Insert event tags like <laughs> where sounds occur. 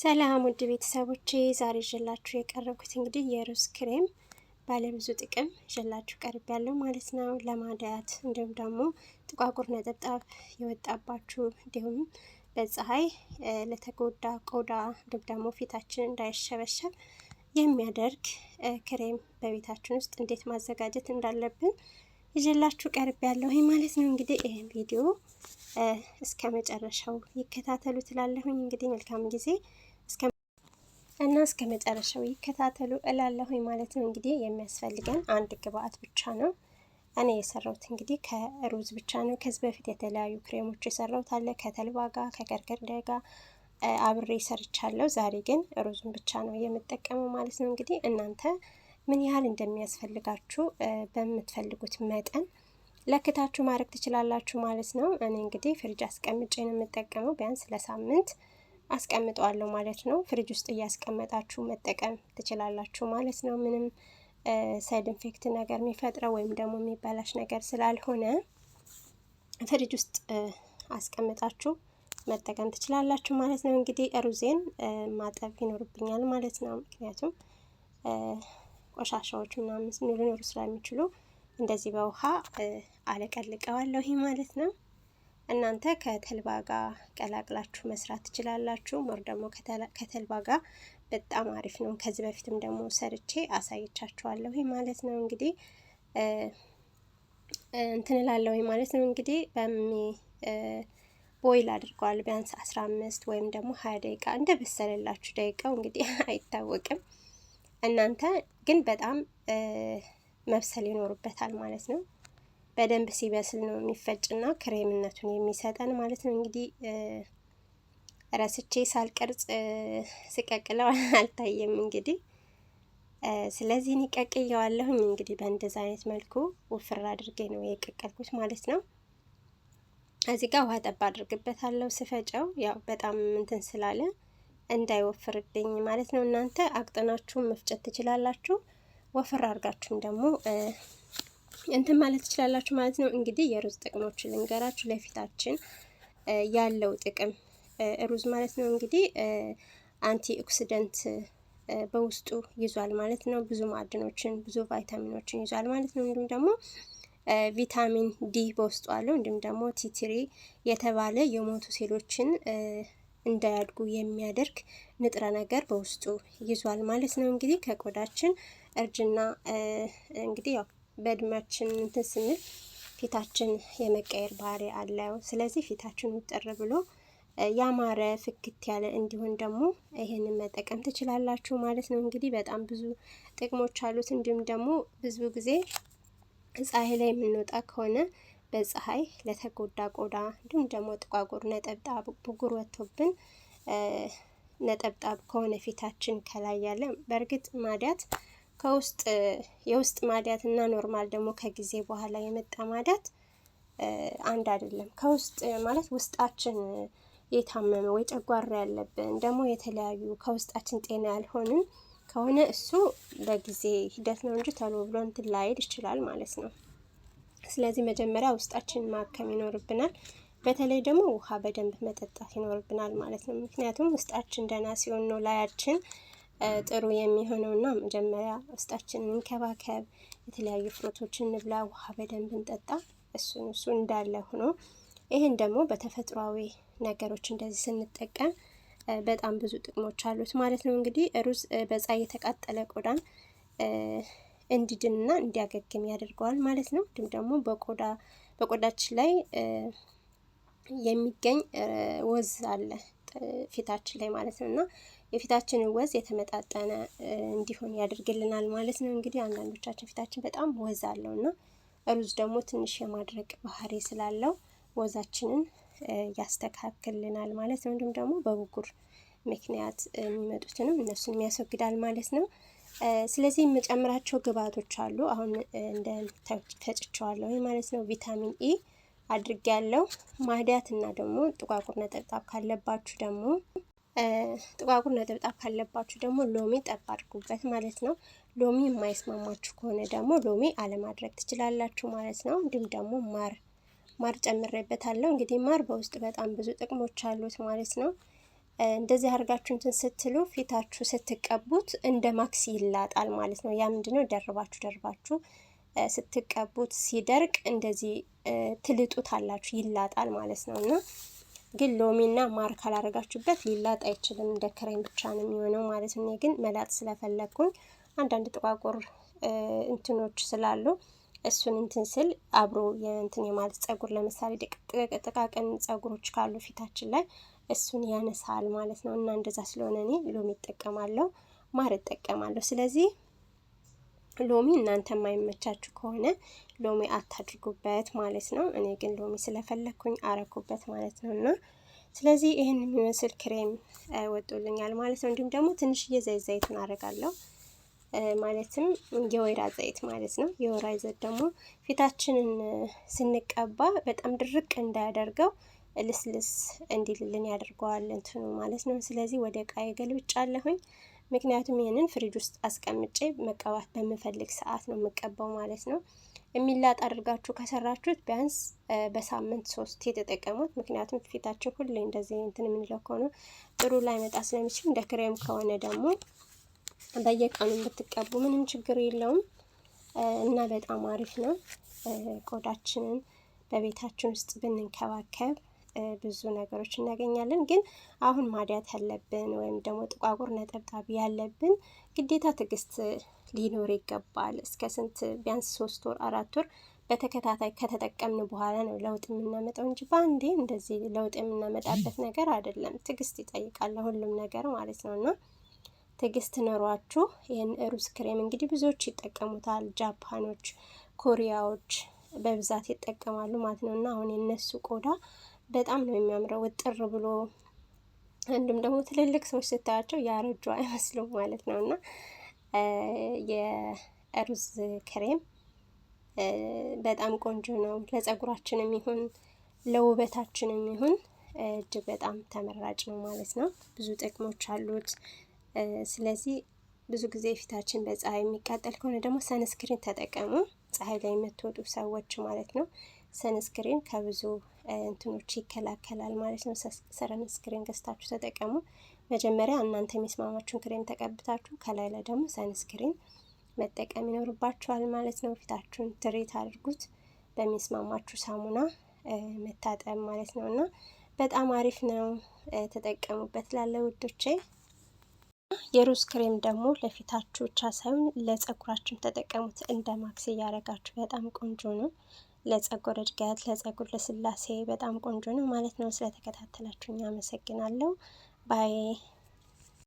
ሰላም ውድ ቤተሰቦቼ ዛሬ ይዤላችሁ የቀረብኩት እንግዲህ የሩዝ ክሬም ባለብዙ ጥቅም ይዤላችሁ ቀርብ ያለው ማለት ነው። ለማዳያት እንዲሁም ደግሞ ጥቋቁር ነጠብጣብ የወጣባችሁ እንዲሁም በፀሐይ ለተጎዳ ቆዳ እንዲሁም ደግሞ ፊታችን እንዳይሸበሸብ የሚያደርግ ክሬም በቤታችን ውስጥ እንዴት ማዘጋጀት እንዳለብን ይዤላችሁ ቀርብ ያለሁ ማለት ነው። እንግዲህ ይህን ቪዲዮ እስከ መጨረሻው ይከታተሉ ትላለሁኝ። እንግዲህ መልካም ጊዜ እና እስከ መጨረሻው ይከታተሉ እላለሁኝ ማለት ነው። እንግዲህ የሚያስፈልገን አንድ ግብአት ብቻ ነው። እኔ የሰራሁት እንግዲህ ከሩዝ ብቻ ነው። ከዚህ በፊት የተለያዩ ክሬሞች የሰራሁት አለ ከተልባ ጋር ከገርገር ጋር አብሬ ሰርቻለሁ። ዛሬ ግን ሩዙን ብቻ ነው የምጠቀመው ማለት ነው። እንግዲህ እናንተ ምን ያህል እንደሚያስፈልጋችሁ በምትፈልጉት መጠን ለክታችሁ ማድረግ ትችላላችሁ ማለት ነው። እኔ እንግዲህ ፍሪጅ አስቀምጬ ነው የምጠቀመው። ቢያንስ ለሳምንት አስቀምጠዋለሁ ማለት ነው። ፍሪጅ ውስጥ እያስቀመጣችሁ መጠቀም ትችላላችሁ ማለት ነው። ምንም ሳይድ ኢንፌክት ነገር የሚፈጥረው ወይም ደግሞ የሚበላሽ ነገር ስላልሆነ ፍሪጅ ውስጥ አስቀምጣችሁ መጠቀም ትችላላችሁ ማለት ነው። እንግዲህ ሩዜን ማጠብ ይኖርብኛል ማለት ነው። ምክንያቱም ቆሻሻዎች ምናምን ሊኖሩ ስለሚችሉ እንደዚህ በውሃ አለቀልቀዋለሁ ይህ ማለት ነው። እናንተ ከተልባ ጋር ቀላቅላችሁ መስራት ትችላላችሁ። ሞር ደግሞ ከተልባ ጋር በጣም አሪፍ ነው። ከዚህ በፊትም ደግሞ ሰርቼ አሳይቻችኋለሁ ማለት ነው። እንግዲህ እንትንላለሁ ማለት ነው። እንግዲህ በሚ ቦይል አድርገዋል ቢያንስ አስራ አምስት ወይም ደግሞ ሀያ ደቂቃ እንደ በሰለላችሁ ደቂቃው እንግዲህ <laughs> አይታወቅም። እናንተ ግን በጣም መብሰል ይኖርበታል ማለት ነው። በደንብ ሲበስል ነው የሚፈጭና ክሬምነቱን የሚሰጠን ማለት ነው። እንግዲህ ረስቼ ሳልቀርጽ ስቀቅለው <laughs> አልታየም። እንግዲህ ስለዚህ እኔ ቀቅየዋለሁኝ። እንግዲህ በእንደዛ አይነት መልኩ ውፍር አድርጌ ነው የቀቀልኩት ማለት ነው። እዚህ ጋር ውሃ ጠብ አድርግበታለሁ ስፈጨው ያው በጣም እንትን ስላለ እንዳይወፍርብኝ ማለት ነው። እናንተ አቅጥናችሁን መፍጨት ትችላላችሁ። ወፈር አድርጋችሁም ደግሞ እንትን ማለት ትችላላችሁ ማለት ነው። እንግዲህ የሩዝ ጥቅሞች ልንገራችሁ። ለፊታችን ያለው ጥቅም ሩዝ ማለት ነው እንግዲህ አንቲ ኦክሲደንት በውስጡ ይዟል ማለት ነው። ብዙ ማዕድኖችን፣ ብዙ ቫይታሚኖችን ይዟል ማለት ነው። እንዲሁም ደግሞ ቪታሚን ዲ በውስጡ አለው። እንዲሁም ደግሞ ቲትሪ የተባለ የሞቱ ሴሎችን እንዳያድጉ የሚያደርግ ንጥረ ነገር በውስጡ ይዟል ማለት ነው። እንግዲህ ከቆዳችን እርጅና እንግዲህ ያው በእድሜያችን እንትን ስንል ፊታችን የመቀየር ባህሪ አለው። ስለዚህ ፊታችን ውጥር ብሎ ያማረ ፍክት ያለ እንዲሆን ደግሞ ይህንን መጠቀም ትችላላችሁ ማለት ነው። እንግዲህ በጣም ብዙ ጥቅሞች አሉት። እንዲሁም ደግሞ ብዙ ጊዜ ፀሐይ ላይ የምንወጣ ከሆነ በፀሐይ ለተጎዳ ቆዳ እንዲሁም ደግሞ ጥቋቁር ነጠብጣብ ብጉር ወጥቶብን ነጠብጣብ ከሆነ ፊታችን ከላይ ያለ በእርግጥ ማዲያት ከውስጥ የውስጥ ማዲያት እና ኖርማል ደግሞ ከጊዜ በኋላ የመጣ ማዲያት አንድ አይደለም። ከውስጥ ማለት ውስጣችን የታመመ ወይ ጨጓራ ያለብን ደግሞ የተለያዩ ከውስጣችን ጤና ያልሆንን ከሆነ እሱ በጊዜ ሂደት ነው እንጂ ቶሎ ብሎ እንትን ላይል ይችላል ማለት ነው። ስለዚህ መጀመሪያ ውስጣችን ማከም ይኖርብናል። በተለይ ደግሞ ውሃ በደንብ መጠጣት ይኖርብናል ማለት ነው። ምክንያቱም ውስጣችን ደህና ሲሆን ነው ላያችን ጥሩ የሚሆነው ና መጀመሪያ ውስጣችን እንከባከብ፣ የተለያዩ ፍሮቶችን እንብላ፣ ውሃ በደንብ እንጠጣ። እሱን እሱ እንዳለ ሆኖ ይህን ደግሞ በተፈጥሯዊ ነገሮች እንደዚህ ስንጠቀም በጣም ብዙ ጥቅሞች አሉት ማለት ነው። እንግዲህ ሩዝ በፀሐይ የተቃጠለ ቆዳን እንዲድንና እንዲያገግም ያደርገዋል ማለት ነው። እንዲሁም ደግሞ በቆዳ በቆዳችን ላይ የሚገኝ ወዝ አለ ፊታችን ላይ ማለት ነው እና የፊታችንን ወዝ የተመጣጠነ እንዲሆን ያደርግልናል ማለት ነው። እንግዲህ አንዳንዶቻችን ፊታችን በጣም ወዝ አለው እና ሩዝ ደግሞ ትንሽ የማድረቅ ባህሪ ስላለው ወዛችንን ያስተካክልናል ማለት ነው። እንዲሁም ደግሞ በብጉር ምክንያት የሚመጡትንም እነሱን ያስወግዳል ማለት ነው። ስለዚህ የምጨምራቸው ግብአቶች አሉ። አሁን እንደ ፈጭቸዋለሁ ማለት ነው። ቪታሚን ኢ አድርጌ ያለው ማህዲያት እና ደግሞ ጥቋቁር ነጠብጣብ ካለባችሁ ደግሞ ጥቋቁር ነጠብጣብ ካለባችሁ ደግሞ ሎሚ ጠብ አድርጉበት ማለት ነው። ሎሚ የማይስማማችሁ ከሆነ ደግሞ ሎሚ አለማድረግ ትችላላችሁ ማለት ነው። እንዲሁም ደግሞ ማር ማር ጨምሬበታለሁ። እንግዲህ ማር በውስጥ በጣም ብዙ ጥቅሞች አሉት ማለት ነው። እንደዚህ አድርጋችሁ እንትን ስትሉ ፊታችሁ ስትቀቡት እንደ ማክስ ይላጣል ማለት ነው። ያ ምንድነው ደርባችሁ ደርባችሁ ስትቀቡት ሲደርቅ እንደዚህ ትልጡት አላችሁ ይላጣል ማለት ነው። እና ግን ሎሚና ማር ካላረጋችሁበት ሊላጥ አይችልም። እንደ ክሬም ብቻ ነው የሚሆነው ማለት ነው። ግን መላጥ ስለፈለግኩኝ አንዳንድ ጥቋቁር እንትኖች ስላሉ እሱን እንትን ስል አብሮ የእንትን የማለት ጸጉር ለምሳሌ ጥቃቅን ጸጉሮች ካሉ ፊታችን ላይ እሱን ያነሳል ማለት ነው። እና እንደዛ ስለሆነ እኔ ሎሚ እጠቀማለሁ፣ ማር እጠቀማለሁ። ስለዚህ ሎሚ እናንተ የማይመቻችሁ ከሆነ ሎሚ አታድርጉበት ማለት ነው። እኔ ግን ሎሚ ስለፈለግኩኝ አረኩበት ማለት ነው። እና ስለዚህ ይህን የሚመስል ክሬም ወጡልኛል ማለት ነው። እንዲሁም ደግሞ ትንሽዬ የዘይት ዘይቱን አደርጋለሁ ማለትም የወይራ ዘይት ማለት ነው። የወይራ ዘይት ደግሞ ፊታችንን ስንቀባ በጣም ድርቅ እንዳያደርገው ልስልስ እንዲልልን ያደርገዋል እንትኑ ማለት ነው። ስለዚህ ወደ እቃዬ ገልብጫለሁኝ። ምክንያቱም ይህንን ፍሪጅ ውስጥ አስቀምጬ መቀባት በምፈልግ ሰዓት ነው የምቀባው ማለት ነው። የሚላጥ አድርጋችሁ ከሰራችሁት ቢያንስ በሳምንት ሶስት የተጠቀሙት። ምክንያቱም ፊታችን ሁሌ እንደዚህ እንትን የምንለው ከሆነ ጥሩ ላይመጣ ስለሚችል እንደ ክሬም ከሆነ ደግሞ በየቀኑ ብትቀቡ ምንም ችግር የለውም እና በጣም አሪፍ ነው። ቆዳችንን በቤታችን ውስጥ ብንንከባከብ ብዙ ነገሮች እናገኛለን። ግን አሁን ማዲያት ያለብን ወይም ደግሞ ጥቋቁር ነጠብጣብ ያለብን ግዴታ ትዕግስት ሊኖር ይገባል። እስከ ስንት ቢያንስ ሶስት ወር አራት ወር በተከታታይ ከተጠቀምን በኋላ ነው ለውጥ የምናመጣው እንጂ በአንዴ እንደዚህ ለውጥ የምናመጣበት ነገር አይደለም። ትዕግስት ይጠይቃል ሁሉም ነገር ማለት ነው እና ትዕግስት ኖሯችሁ ይህን ሩዝ ክሬም እንግዲህ ብዙዎች ይጠቀሙታል። ጃፓኖች፣ ኮሪያዎች በብዛት ይጠቀማሉ ማለት ነው እና አሁን የነሱ ቆዳ በጣም ነው የሚያምረው ውጥር ብሎ አንድም ደግሞ ትልልቅ ሰዎች ስታያቸው ያረጁ <laughs> አይመስሉም ማለት ነው። እና የሩዝ ክሬም በጣም ቆንጆ ነው። ለጸጉራችን የሚሆን ለውበታችንም የሚሆን እጅግ በጣም ተመራጭ ነው ማለት ነው። ብዙ ጥቅሞች አሉት። ስለዚህ ብዙ ጊዜ ፊታችን በፀሐይ የሚቃጠል ከሆነ ደግሞ ሰንስክሪን ተጠቀሙ። ፀሐይ ላይ የምትወጡ ሰዎች ማለት ነው። ሰንስክሪን ከብዙ እንትኖች ይከላከላል ማለት ነው። ሰረን ስክሪን ገዝታችሁ ተጠቀሙ። መጀመሪያ እናንተ የሚስማማችሁን ክሬም ተቀብታችሁ ከላይ ላይ ደግሞ ሰንስክሪን መጠቀም ይኖርባችኋል ማለት ነው። ፊታችሁን ትሬት አድርጉት በሚስማማችሁ ሳሙና መታጠብ ማለት ነው እና በጣም አሪፍ ነው፣ ተጠቀሙበት ላለ ውዶቼ። የሩዝ ክሬም ደግሞ ለፊታችሁ ብቻ ሳይሆን ለፀጉራችን ተጠቀሙት። እንደ ማክስ እያደረጋችሁ በጣም ቆንጆ ነው። ለጸጉር እድገት፣ ለጸጉር ልስላሴ በጣም ቆንጆ ነው ማለት ነው። ስለተከታተላችሁኝ አመሰግናለሁ። ባይ